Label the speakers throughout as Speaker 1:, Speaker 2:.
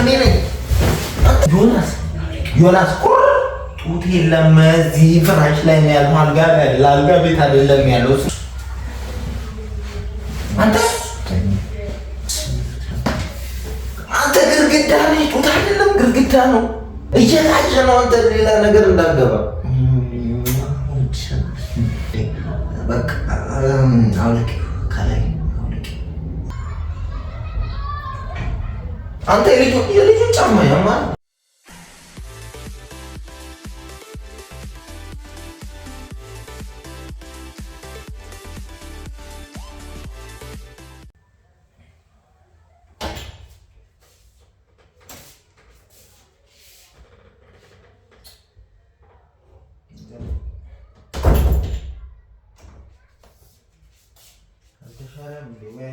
Speaker 1: እኔ ነኝ። ዮናስ ዮናስ ጡት የለም እዚህ ፍራሽ ላይ ነው ያለው። አልጋ ለአልጋ ቤት አይደለም ያለው አንተ አንተ ግርግዳ ነው ጡት አይደለም ግርግዳ ነው። እየታየ ነው። አንተ ሌላ ነገር እንዳገባ በቃ አንተ የልጁን ጫማ ያማል። አልተሻለም።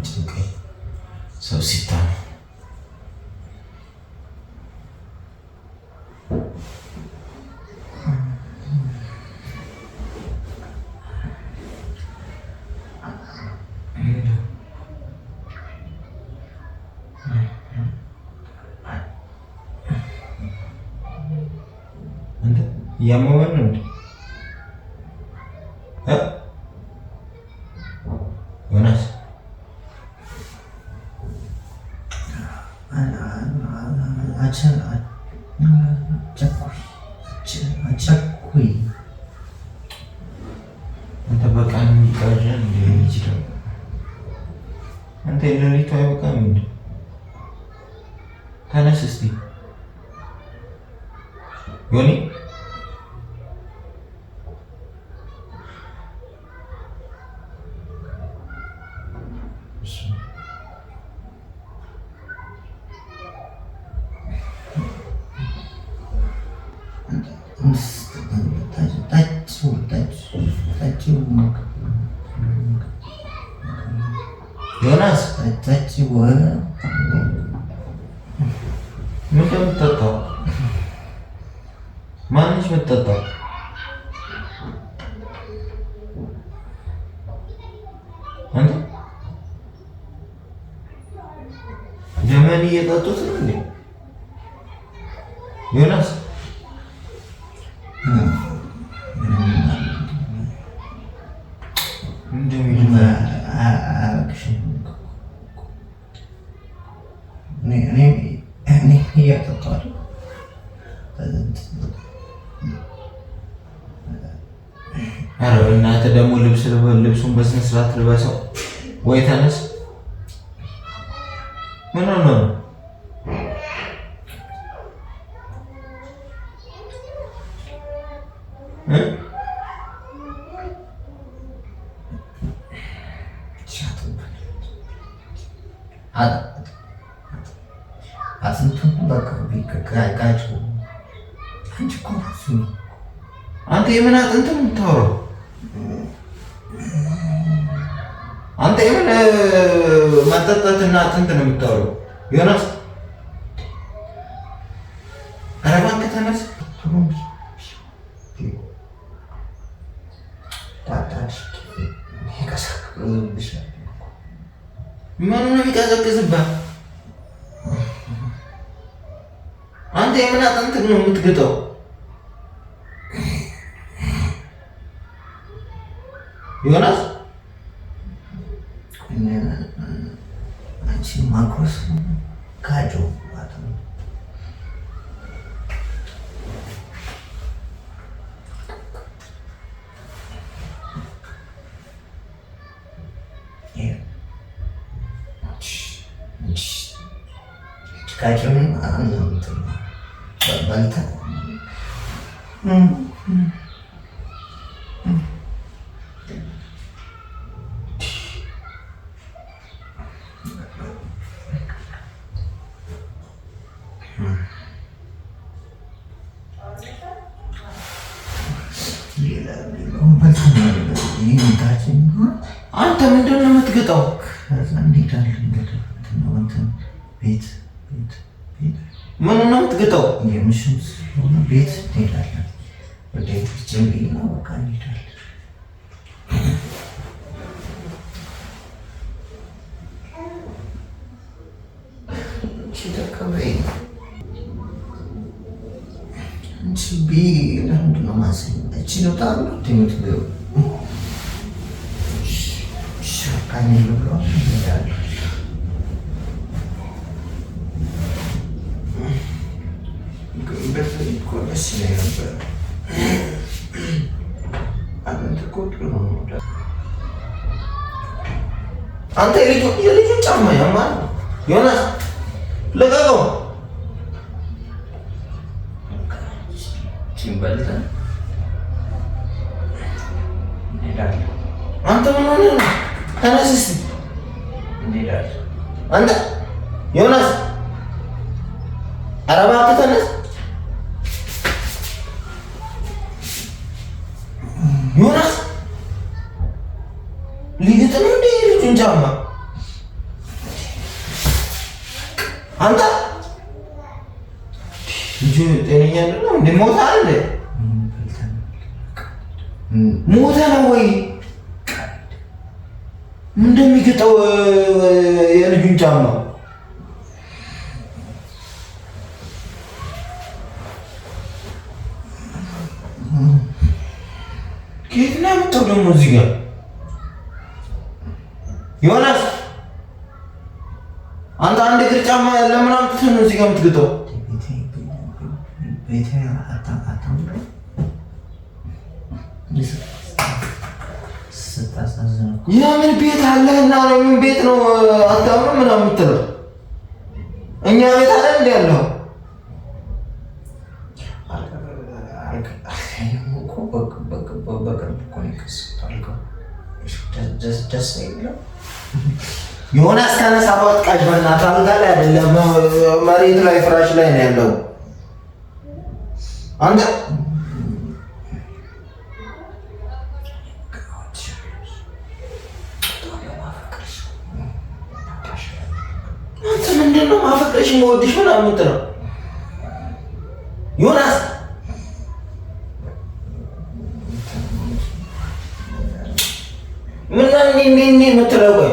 Speaker 1: mencintai Sausita Ya mau kan? ተነስ እስቲ ዮኒ ዮናስ Management tata. Management tata. ደግሞ ልብስ ልብሱን በስነ ስርዓት ልበሰው። ወይ ተነስ። ምን ነው አንተ የምን አጥንት ነው የምታወራው? ጠጥተህና እንትን ነው የምታወራው ዮናስ። ኧረ እባክህ ተነስ። ምኑ ነው የሚቀዘቅዝብህ? አንተ የምን አጥንት ነው የምትግጠው? ዮናስ Ці макрос качу ватом. Качу, а ну, бальта. Mm-hmm. ቤት ቤት ቤት ምን ነው የምትግጠው? የምሽም ስለሆነ ቤት እንሄዳለን። ወደ ቤት ጀምሪና በቃ እንሄዳለን። ከወጡ ነው አንተ የልጁን ጫማ ያማል። ዮናስ ልቀቀው። አንተ ምን ሆነ? ተነስ እስኪ አንተ ዮናስ፣ ኧረ እባክህ ተነስ አይደለም እንዴ? ሞተ አለ ሞተ ነው ወይ እንደሚገጠው የልጁን ጫማ ከየት ነው ያመጣው ደግሞ እዚህ ጋር ዮናስ አንተ አንድ እግር ጫማ ለምን አምጥተህ ነው እዚህ ጋር የምትገጠው? ቤቴ ስታሳዝነው የምን ቤት አለህ እና ምን ቤት ነው አታምሮ ምናምን የምትለው? እኛ ቤት አለ እንዲ ያለው ደስ የሆነ እስከ ነሳ በእናትህ አልጋ ላይ አይደለም መሬት ላይ ፍራሽ ላይ ነው ያለው። አንተ ምንድን ነው ማፈቅረሽ የምወድሽ ምናምን የምትለው ዮናስ ምናምን የምትለው ቆይ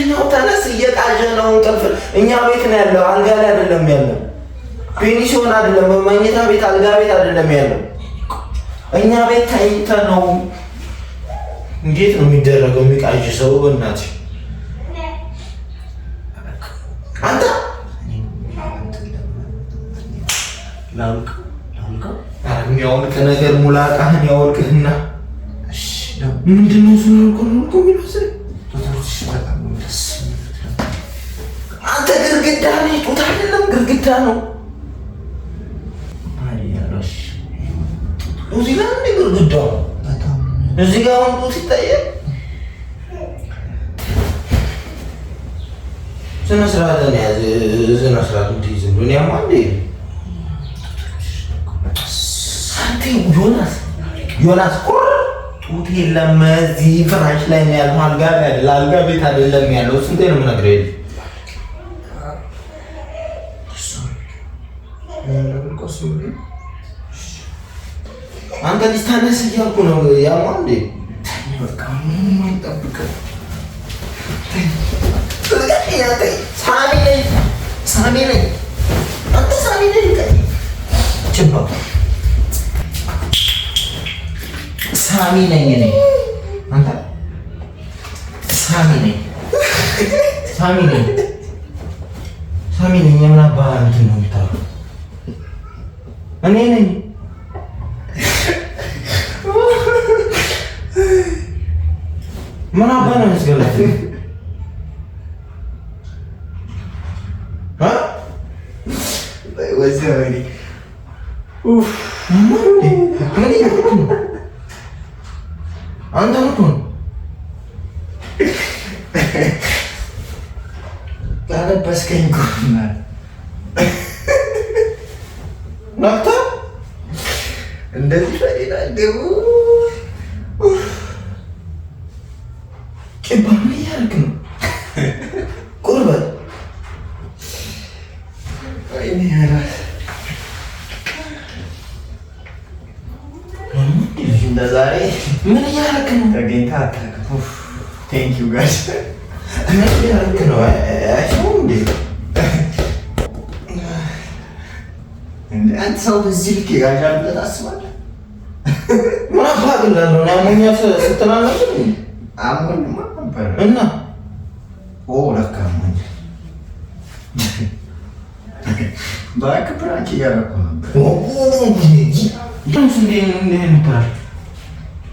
Speaker 1: ልተኛው ተነስ፣ እየቃዠ ነው እንቅልፍ። እኛ ቤት ነው ያለው፣ አልጋ ላይ አይደለም ያለው። ፔኒሲዮን አይደለም፣ መኝታ ቤት አልጋ ቤት አይደለም ያለው። እኛ ቤት ተኝተ ነው። እንዴት ነው የሚደረገው? የሚቃዥ ሰው በእናትሽ አንተ የሚያወልቅ ነገር ሙላቃህን ያወልቅህና ምንድነው ስልኩ ሚመስል ግድግዳ ነው፣ ጡት አይደለም ግድግዳ ነው። እዚህ ጋር እንደ ግድግዳው እዚህ ጋር አሁን ጡት ይታያል። ስነ ስርዓት ነው ያዝ ስነ ስርዓት ትይዝ እንደሆነ ያማ እንደ አንተ ዮናስ ዮናስ ቁር ጡት የለም እዚህ ፍራሽ ላይ ነው ያለው። አልጋ ላይ አልጋ ቤት አይደለም ያለው። ስንቴ ነው የምነግርህ ተነስ እያልኩ ነው። ያማ እንዴ በቃ ምንም አልጠብቅም። ሳሚ ነኝ፣ ሳሚ ነኝ፣ አንተ ሳሚ ነኝ። ሳሚ ነኝ እኔ አንተ ሳሚ ነኝ፣ ሳሚ ነኝ፣ ሳሚ ነኝ። የምን አባህል እንትን ነው የምታወራው? እኔ ነኝ ምን አባ ነው ያስገላት? አንተ እኮ ነው አለበስከኝ እኮ ነቅተህ እንደዚህ ጌታ አታውቅም። ቴንክ ዩ ጋሽ አንተ ሰው እዚህ ልክ ይጋዣል ብለህ ታስባለህ? ምን አባት እንዳለው አሞኛል አሞኝማ ነበረ እና ለካ አሞኛል እባክህ ብራንች እያደረኩህ ነበር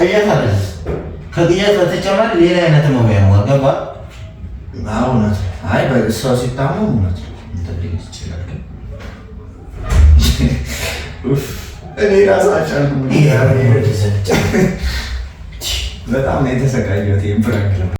Speaker 1: ቅዠት አለ። ከቅዠት በተጨማሪ ሌላ አይነት መሙያ ገባ። እውነት አይ ሰው ሲታመም እውነት ይችላል። እኔ ራሳ ጫልኩ በጣም የተሰቃየሁት